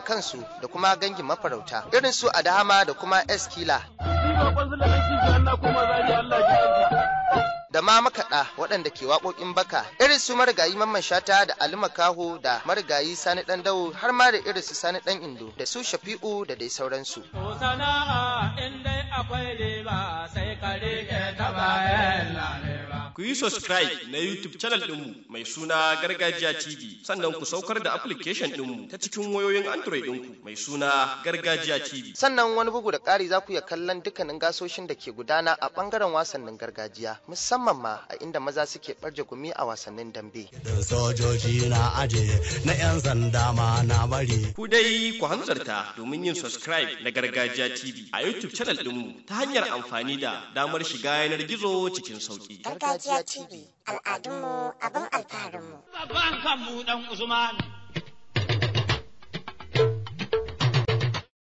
kiwon kansu da kuma gangin mafarauta irin su adahama da kuma eskila da ma makaɗa waɗanda ke waƙoƙin baka irin su marigayi mamman shata da ali makaho da marigayi sani ɗan dawo har ma da irin su sani ɗan indo da su shafi'u da dai sauransu sana'a in dai akwai sai kare ta ku yi subscribe na YouTube channel ɗinmu mai suna Gargajiya TV sannan ku saukar da application ɗinmu ta cikin wayoyin Android ɗinku mai suna Gargajiya TV. Sannan wani bugu da ƙari za ku iya kallon dukkanin gasoshin da ke gudana a ɓangaren wasannin gargajiya musamman ma a inda maza suke ɓarje gumi a wasannin dambe. Sojoji na aje na 'yan sanda ma na bari. Ku dai ku hanzarta domin yin subscribe na Gargajiya TV a YouTube channel ɗinmu ta hanyar amfani da damar shiga yanar gizo cikin sauƙi. Gaskiya TV, al'adunmu abin alfaharinmu. Babban kanmu dan Usman.